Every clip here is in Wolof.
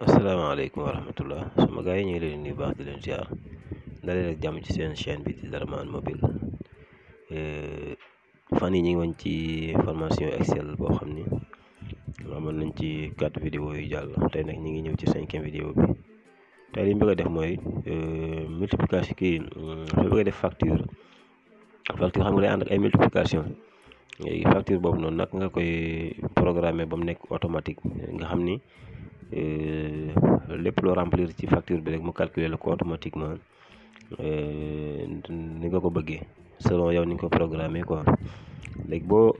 asalaamaaleykum wa rahmatullah sama gars yi ñu ngi leen nuyu baax di leen ziar dalee nag jàmm ci seen chaîne bi di Darman mobile eh, fan yi ñu ngi woon ci formation Excel boo xam ni amoon nañ ci quatre vidéo yu jàll nag ñu ngi ñëw ci cinquième vidéo bi tey li ñu bëgg def mooy multiplication kii soo bëgg a def xam nga day ànd ak ay multiplication boobu noonu nag nga koy programmer ba mu nekk automatique nga xam ni Euh, lépp loo remplir ci facture bi rek mu calculer la ko automatiquement euh, ni nga ko bëggee selon yow ni nga ko programme quoi léegi boo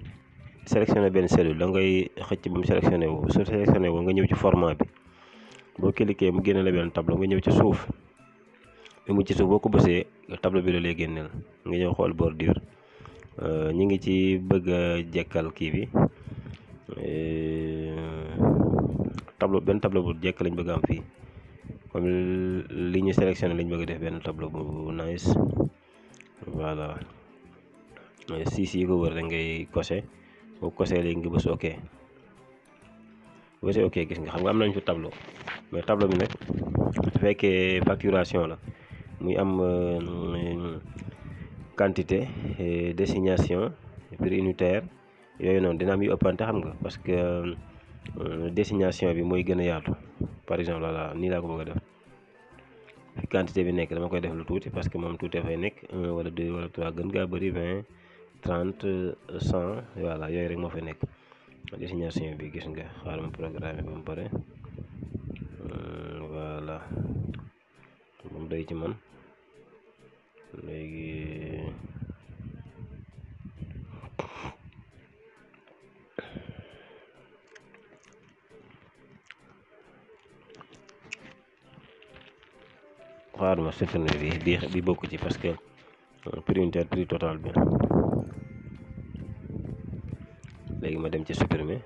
sélectionné benn cellule da ngay xëcc ba mu sélectionné wu su sélectionné wu nga ñëw ci format bi boo cliqué mu génne la benn tableau nga ñëw ci suuf bi mu ci suuf boo ko bësee tableau bi la lay génneel nga ñëw xool bordure euh, ñu ngi ci bëgg a kii bi tableau benn tableau bu jekk lañ bëgg am fii li ñu sélectionné lañ bëgg def benn tableau nice voilà si si ko wër da ngay boo coché léegi nga bës ok bës ok gis nga xam nga am nañ fi tableau mais tableau bi nag su fekkee facturation la muy am euh, quantité euh, désignation prix unitaire yooyu noonu dina am yu ëppante xam nga parce que destination bi mooy gën a yaatu par exemple voilà nii laa ko bëgg a def quantité bi nekk dama koy def lu tuuti parce que moom tuuti dafay nekk un wala deux wala trois gën gaa bëri vingt trente cent voilà yooyu rek moo fay nekk destination bi gis nga xaaral ma programme ba mu pare euh, voilà moom doy ci man léegi. xaaral ma supprimé bi bi bi bokk ci parce que euh, printer prix total bi léegi ma dem ci supprimé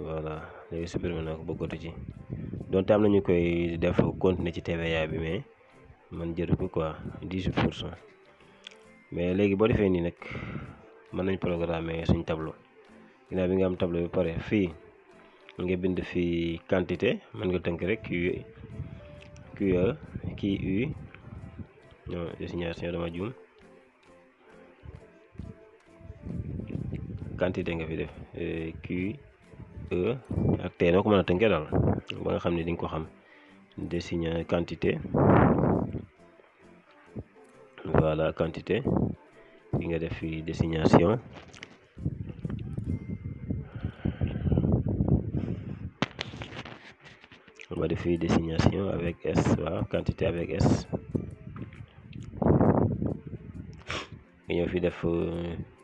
voilà léegi supprimé naa ko bokkatu ci donte am nañu koy def continuer ci TVA bi mais man jëru ko quoi dix-huit mais léegi boo defee nii nag mën nañ programmer suñ tableau ginnaaw bi nga am tableau bi pare fii nga bind fii quantité mën nga tënk rek QE QU non désignation dama juum quantité nga fi def QE e, ak T noo ko mën a tënkee daal ba nga xam ne di ko xam désigné quantité voilà quantité bi nga def fi désignation on va définir désignation avec S, voilà, quantité avec S. nga ñëw fi def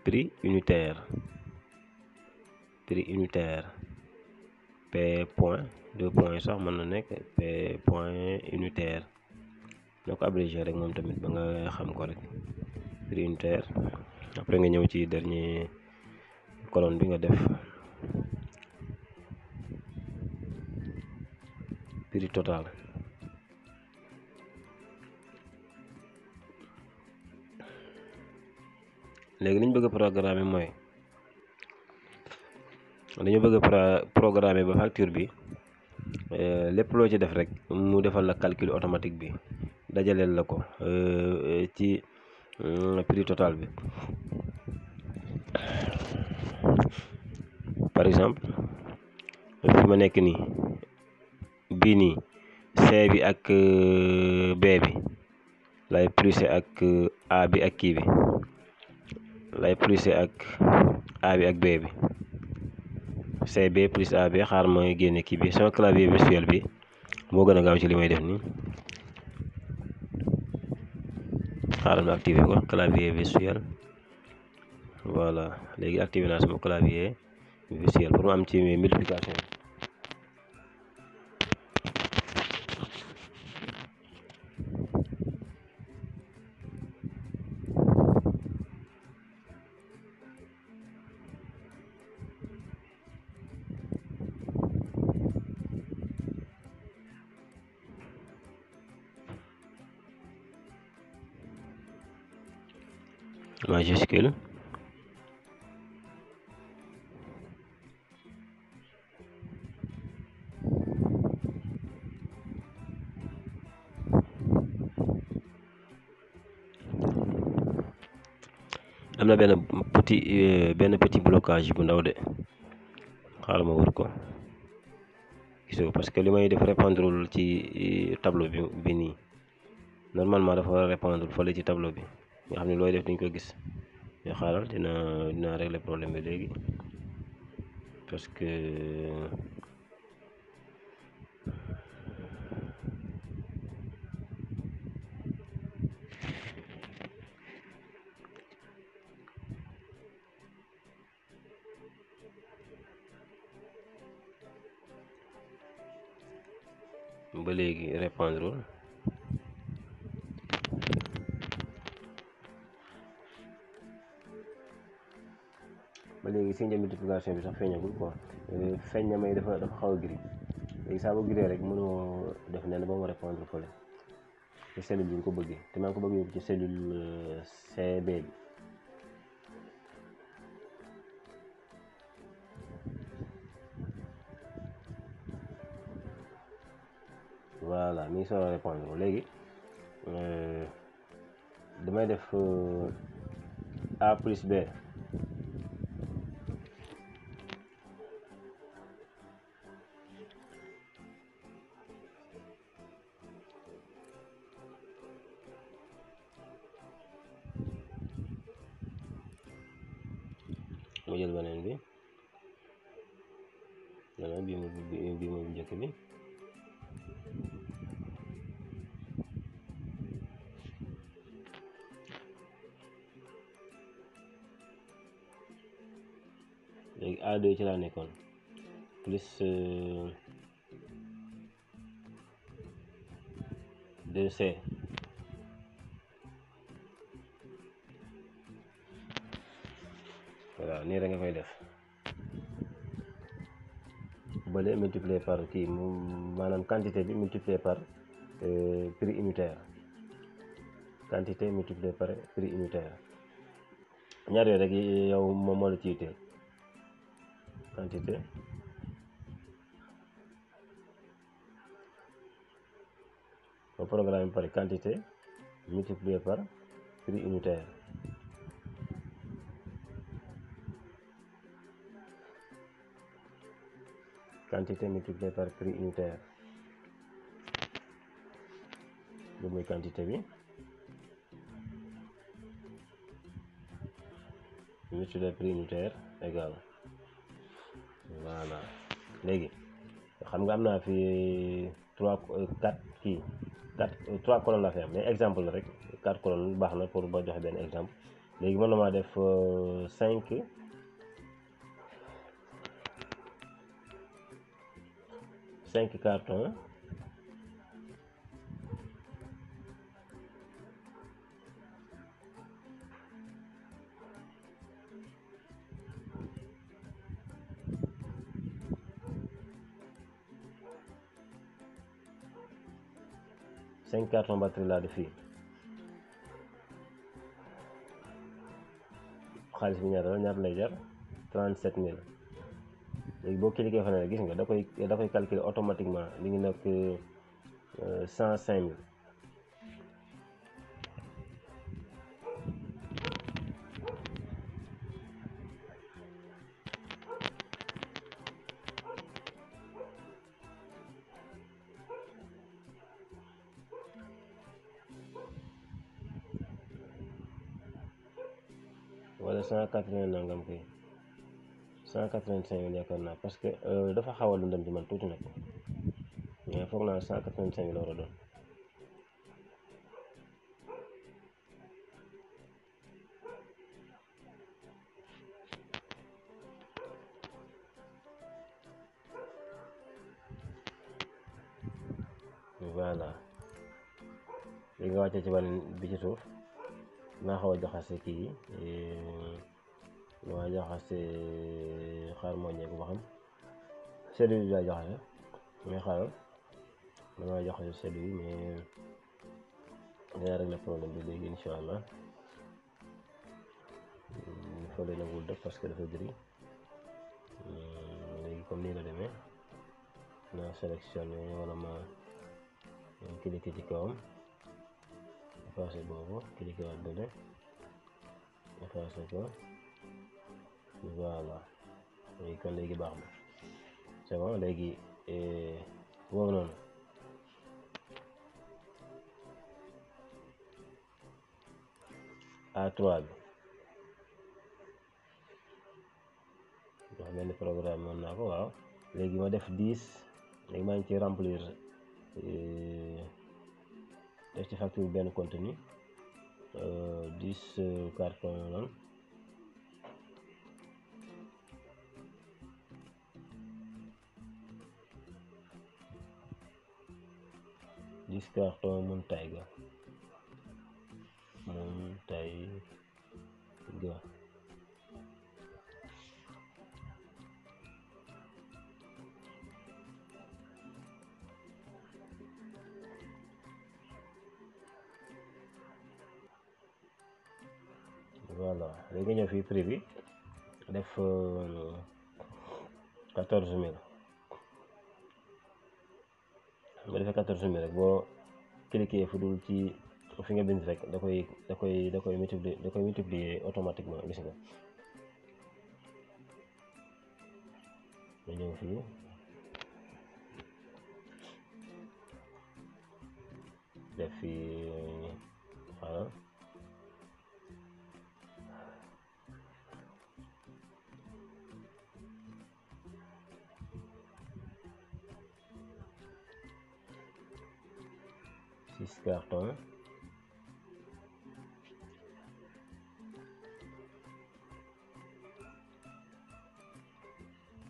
prix unitaire prix unitaire P point deux points sax mën na nekk P point unitaire noo ko abrégé rek moom tamit ba nga xam ko rek prix unitaire après nga ñëw ci dernier colonne bi nga def prix total léegi li ñu bëgg a programme mooy dañu bëgg a programme ba facture bi lépp loo ci def rek mu defal la calcul automatique bi dajaleel la ko ci prix total bi par exemple fi ma nekk nii bii nii C bi ak euh, B bi lay pluse ak euh, A bi ak kii bi lay pluse ak A bi ak B bi CB plus AB xaar ma génne kii bi sama clavier virtuel bi moo gën a gaaw ci li may def nii xaaral ma activé ko clavier virtuel voilà léegi activé naa sama clavier virtuel pour mu am ci multiplication majuscule am na benn petit euh, benn petit blocage bu ndaw de xaaral ma wër ko gisoo que li may def répandre ci euh, tableau bi bi nii normalement dafa répandre fële ci tableau bi nga xam ne looy def duñ ko gis te xaaral dinaa dinaa régler problème parce que ba léegi répondre sixième multiplication bi sax feeñagul quoi eh, feeñ na may dafa dafa xaw a gris léegi saa boo rek mënoo def nen ba mu répondre fële ci cellule bi ko bëggee te ko bëgg yóbbu ci cellule euh, bi voilà mi ngi soog a léegi euh, damay def euh, A plus B jël beneen bi dana bii mooy bi léegi A2 ci laa nekkoon plus euh, deux voilà nii da nga koy def bële multiplier par kii maanaam quantité bi multiplier par euh, prix unitaire quantité multiplier par prix unitaire ñaar yooyu rek yow moom moo la quantité ba programme par quantité multiplier par prix unitaire quantité multiplié par prix unitaire lu bi lu ñu tuddee léegi xam nga am naa fi trois quatre kii quatre trois colonnes la fi mais exemple la rek quatre colonnes baax na pour ba joxe benn exemple léegi mën na maa def euh, cinq cinq cartons cinq cartons batterie fii xaalis bi ñaata la ñaata lay jar trente sept mille léegi boo cliquer fa ne gis nga da koy da koy calculer automatiquement li ngi nekk euh, cent cinq mille wala cent quatre-vingts nangam kay cent quatre-vingt-cinq mille yaakaar naa parce que euh, dafa xaw a lëndëm ci man tuuti nag mais foog naa cent quatre-vingt-cinq mille war a doon naa xaw a jaxase waa jaxase xaar moo ñeeku ba xam cellule bi laa jaxase mais xaaral damaa jaxase cellule bi mais dinaa régler problème bi léegi incha allah fële nagul def parce que dafa gris hmm, léegi comme nii la demee naa sélectionné wala ma ci kawam effacé boobu cliqué waat bële effacé ko voilà léegi kon léegi baax ma c'est bon léegi boobu eh, noonu A3 bi ndax benn programme mën naa ko waaw léegi ma def dix léegi maa ngi ci remplir eh, def ci facture benn contenu euh, dix euh, carton noonu gis karto mun tayga mun tayga voilà léegi ñëw fii prix def euh, quatorze mille defe 14 bi rek boo cliquer fu dul ci fi nga bind rek da koy da koy da koy multiplier da koy automatiquement gis nga ma ñëw fii def wäre toll.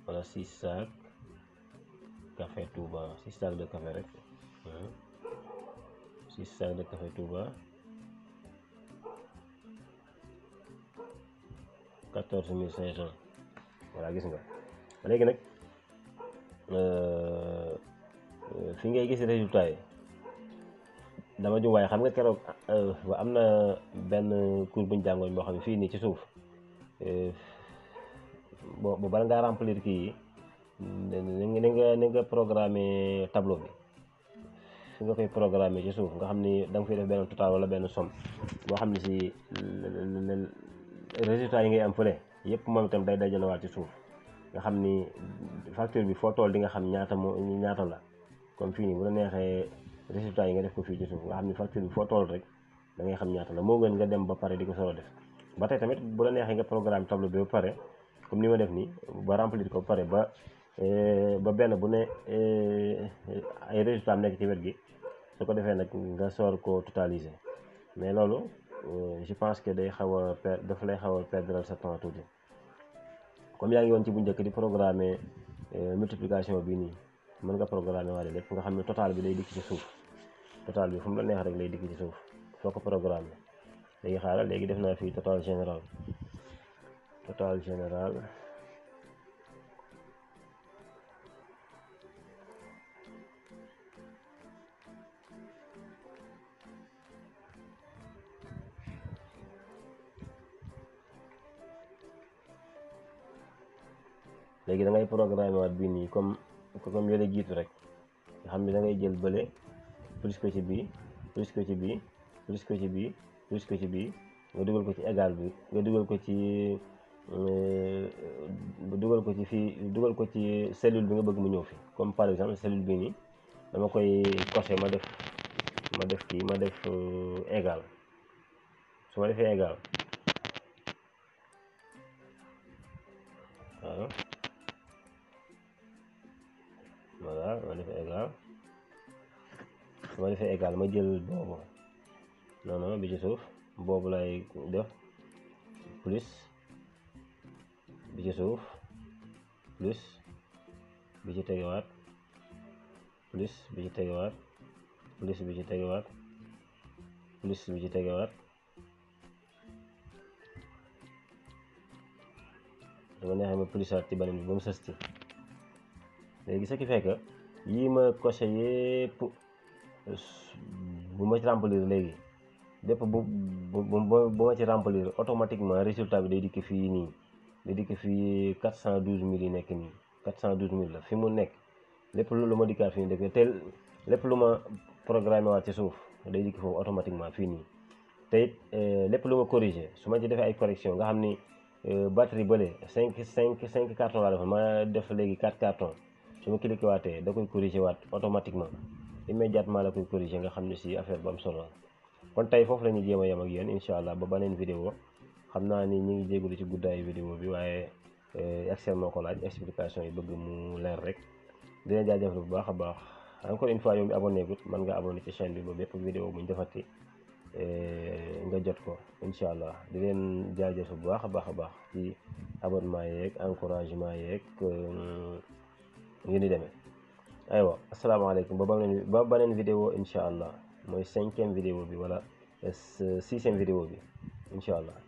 wala six sacs café Touba six sacs de café rek six sacs de café Touba quatorze mille cinq cent voilà gis nga léegi nag euh, euh, fi ngay gis résultat yi dama jum waaye xam nga keroog euh, am na benn cours buñ ñu boo xam ne fii nii ci suuf euh, boo bu bala ngaa remplir kii yi ni nga ni nga programme tableau bi fi nga koy programme ci suuf nga xam ni da nga fiy def benn total wala benn somme moo xam ne si résultat yi ngay am fële yëpp moom itam day dajalewaat ci suuf nga xam ni facture bi foo tool di nga xam ñaata moo ñaata la comme fii nii bu neexee résultat yi nga def ko fii ci suuf nga xam ni facture bi foo toll rek da ngay xam ñaata la moo gën nga dem ba pare di ko solo def ba tey tamit bu la neexee nga programme tableau bi ba comme ni ma def nii ba remplir ko pare ba eh, ba benn bu ne eh, ay résultat am nekk gi su ko defee nag nga soor ko totaliser mais loolu euh, je pense que day xaw a per daf lay xaw a perdre sa temps tuuti comme yaa ngi woon ci bu njëkk di programmer euh, multiplication bi nii mën nga programmer waale lépp nga xam ne total bi lay dikk ci suuf total bi fu mu la neex rek lay dikk ci suuf soo ko programme léegi xaaral léegi waat bii nii comme te comme yooyu jiitu rek nga xam ne da ngay jël bële plus ko ci bii plus ko ci bii plus ko ci bii plus ko ci bii nga dugal ko ci égal bi nga dugal ko ci euh, dugal ko ci fii dugal ko ci cellule bi nga bëgg mu ñëw fi comme par exemple cellule bi nii dama koy coché ma def ma def kii ma def euh, égal su ma defee égal defee égal ma jël boobu non non bi ci suuf boobu lay def plus bi ci suuf plus bi ci tegewaat plus bi ci tegewaat plus bi ci tegewaat plus bi ci tegewaat dama neexee ma plusaat ci beneen bi ba mu sës ci léegi ce qui fait yii ma coché yépp bu ma ci remplir léegi lépp bu bu bu ma ci remplir automatiquement résultat bi day dikk fii nii day dikk fii quatre cent douze mille yi nekk nii quatre cent douze mille la fi mu nekk lépp lu ma dikkaat fii nii te lépp lu ma programmé waat ci suuf day automatiquement fii nii te it euh, lépp lu ma corrigé su ma ci defee ay correction nga xam ni euh, batterie bële cinq cinq cinq carton laa defoon ma def léegi quatre carton su ma cliqué waatee da koy corrigé waat automatiquement immédiatement la koy corriger nga xam ne si affaire bu am solo kon tey foofu la ñuy jéem a yem ak yéen incha allah ba baneen vidéo xam naa ni ñu ngi jégalu ci guddaayu vidéo bi waaye eh, Excel moo ko laaj explication yi bëgg mu leer rek dina jaajëfal bu baax a baax encore une fois yow mi abonné gut mën nga abonné ci chaîne bi ba bépp vidéo bu ñu defati eh, nga jot ko incha allah di leen jaajëfal bu baax a baax a baax ci abonement yeeg encouragement yeeg euh, ngeen di demee aywa asalaamaaleykum ba baneen ba baneen vidéo incha allah mooy cinquième vidéo bi wala euh, sixième vidéo bi incha allah